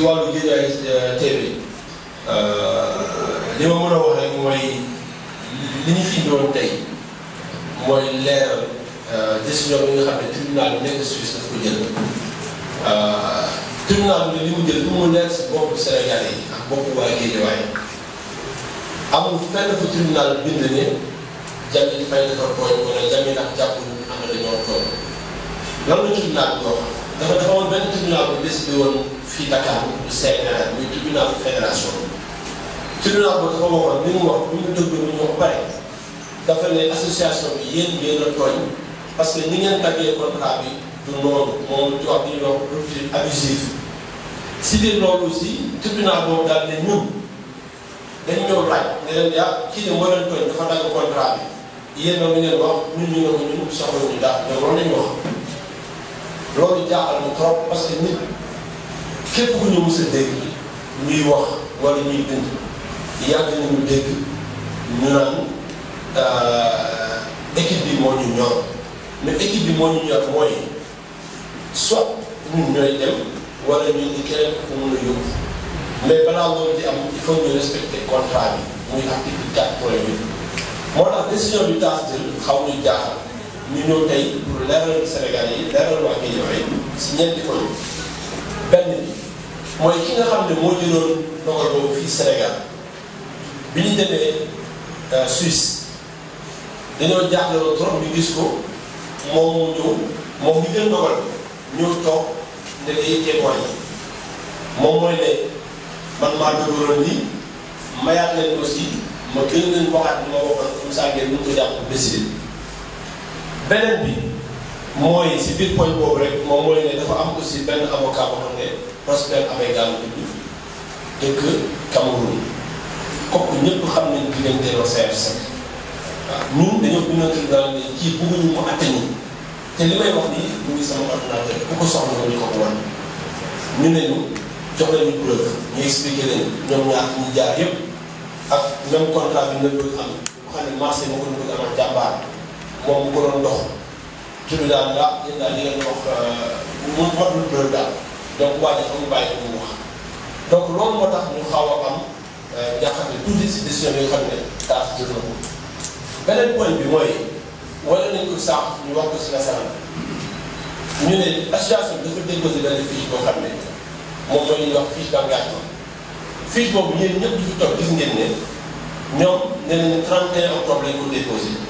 diwaanu Guédiawaye TV li ma mën a wax rek mooy li ñu fi ñëwoon tey mooy leeral décision bi nga xam ne tribunal bi nekk Suisse daf ko jël tribunal bi li mu jël li mu leer si boppu Sénégal yi ak boppu waa Guédiawaye amul fenn fu tribunal bind ne Jamil Faye dafa tooñ wala Jamil ak jàpp am na dañoo tooñ loolu la tribunal bi wax dafa dafa woon benn tribunal bu décidé woon fii Dakar bu CNRA muy tribunal fédération tribunal boobu dafa waxoon li mu wax bi ñu dëgg ñu wax pare dafa ne association bi yéen yéen a tooñ parce que ni ngeen taggee contrat bi du moom ci wax bi ñuy si biir loolu aussi tribunal boobu daal ne ñun dañu ñëw laaj ne leen yaa kii de moo leen tooñ dafa dagg contrat bi yéen a ngi leen wax ñun ñu ne ko ñun soxla ñu daal wax. loolu jaaxal na trop parce que nit képp ku ñu mës a dégg ñuy wax wala ñuy bind yàgg nañu dégg ñu naan euh, équipe bi moo ñu ñor mais équipe bi moo ñu ñor mooy dem wala ñun ñu keneen ku mun a yóbbu mais balaa loolu di am il faut ñu respecter contrat bi muy article 4 point 8 moo tax décision bi taas jël xaw ñu jaaxal. ñu ñëw tey pour leeral Sénégal yi leeral waa Guédiawaye si ñeenti ko benn bi mooy ki nga xam ne moo jëloon dogal boobu fii Sénégal bi ñu demee euh, Suisse dañoo jaaxlewoo trop ñu gis ko moom moo ñëw moom ñu jël dogal ñëw toog ne day témoigné moom mooy ne man maa dogaloon nii mayaat leen aussi ma gën leen waxaat bi ma waxoon comme ça ko jàpp décider beneen bi mooy si biir poñ boobu rek moom mooy ne dafa am aussi benn avocat boo xam ne Prosper Amégal la tudd dëkk Cameroun kooku ñëpp xam nañ diggante la CRC waaw ñun dañoo bindoon tribunal ne kii bëgguñu mu atte ñu te li may wax nii mu ngi sama ordinateur ku ko soxla nga ñu ko wan ñu ne ñu jox nañu preuve ñu expliqué leen ñoom ñaar ñu jaar yëpp ak même contrat bi nga doon am xam marché moo ko doon bëgg amal jàmbaar moom mu ko doon dox tur bi daal ah yéen daal li ngeen wax euh, mu matul bëri daal donc waa ji foog ñu bàyyi ko mu wax donc loolu ñu xaw a am njaaxal euh, tuuti si décision na ko beneen ñu wax ko ñu ne association bi dafa déposé benn fiche xam ne moom mooy li ñuy wax fiche d'engagement fiche boobu yéen ñëpp di gis ngeen ne ñoom nee nañu 31 octobre lañ ko déposé.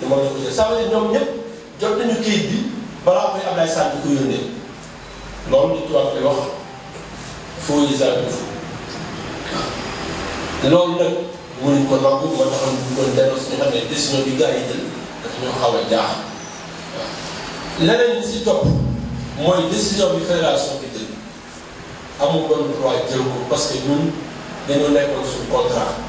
dama la ko jël ça veut dire ñoom ñëpp jot nañu kayit bi balaa koy Ablaye Sall ko yónnee li tubaab koy wax faux usage de faux loolu nag mënuñ ko nangu moo taxoon ñu ko delloo si ñu xam ne décision bi gars yi jël daf ñoo xaw a jaax waaw leneen si topp mooy décision bi fédération bi jël amul bon droit jël ko parce que ñun dañoo nekkoon suñu contrat.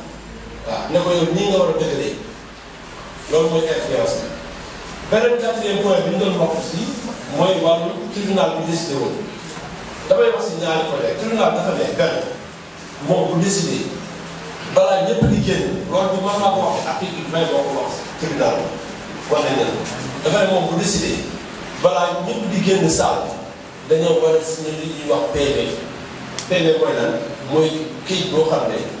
waaw ne ko yow nii nga war a dëggalee loolu mooy influence bi beneen quatrième point bi ñu doon wax aussi mooy wàllu tribunal bi décidé woon damay wax si ñaari côté tribunal dafa ne benn moom bu décidé balaa ñëpp di génn loolu bi mën naa ko wax article vingt boo ko wax tribunal wax nañ leen dafa ne moom bu décidé balaa ñëpp di génn salle dañoo war a signé li ñuy wax PV PV mooy mooy këyit boo xam ne.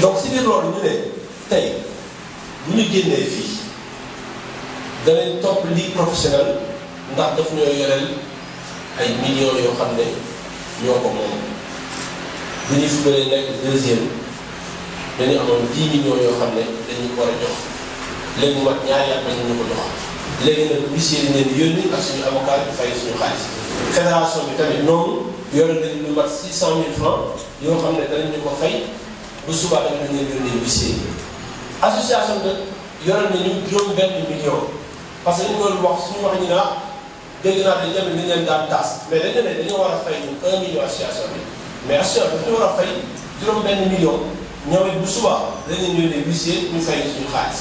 donc si biir loolu ñu ne tey bu ñu génnee fii danañ topp lii professionnel ndax daf ñoo yoreel ay millions yoo xam ne ñoo ko moom bu ñu fubalee nekk deuxième dañu amoon 10 millions yoo xam ne dañu ko war a jox léegi mat ñaari at dañu ñu ko jox léegi nag huissier yi leen yónni ak suñu avocat fay suñu xaalis fédération bi tamit noonu yore nañu lu mat 600 000 francs yoo xam ne danañu ko fay bu subaa da nga leen yónnee huissier association nag yoroon nañu juróom benn million parce que li ñu doon wax suñu wax ñu naa ah, dégg naa dañ daan taas mais dañ ne dañoo war a fay ñu un million association bi mais association dañu war a fay juróom benn million ñoom it bu subaa dañ leen yónnee huissier ñu fay suñu xaalis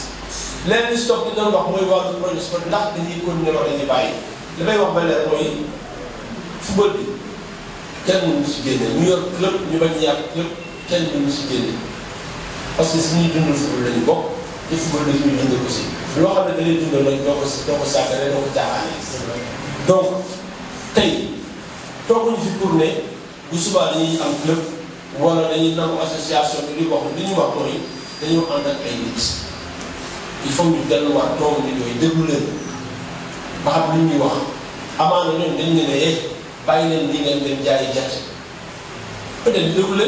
leen li stock bi doon wax mooy wàllu projet sport ndax dañuy continuer wala dañuy bàyyi li may wax ba leer mooy football bi kenn mënu si génne ñu ñu bañ a yàq kenn mënu si génne parce que suñuy dundal football lañu bokk te football la ñuy dundal aussi loo xam ne da lay ko doo doo ko ne dañuy am club wala dañuy nangu association li wax wax il faut ñu delluwaat ba xam li ñuy wax amaana ñoom dañ ne ne eh, bàyyi leen li ngeen dem jaayi gerte peut-être déglu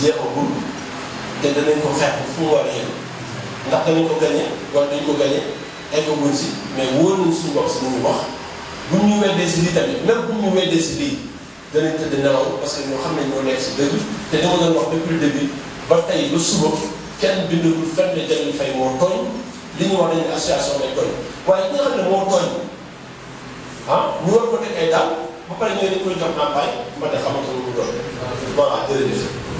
jeexagul te danañ ko xeex fu mu war a yem ndax danañ ko gañe wala dañ ko gañe eggaguñ si mais wóor nañ suñu bopp si mu wax bu ñu weddee si lii tamit même bu ñu nelaw parce que ñoo xam ne ñoo nekk si dëgg te dama doon wax depuis le début ba tey ba suba kenn bindagul fenn jëriñ fay moo tooñ li ñu wax dañu association day tooñ waaye ki xam ne moo tooñ ah ñu war ko teg ay daal ba pare ñoo dañ koy jox ndàmpaay man de xamante lu mu doon voilà jërëjëf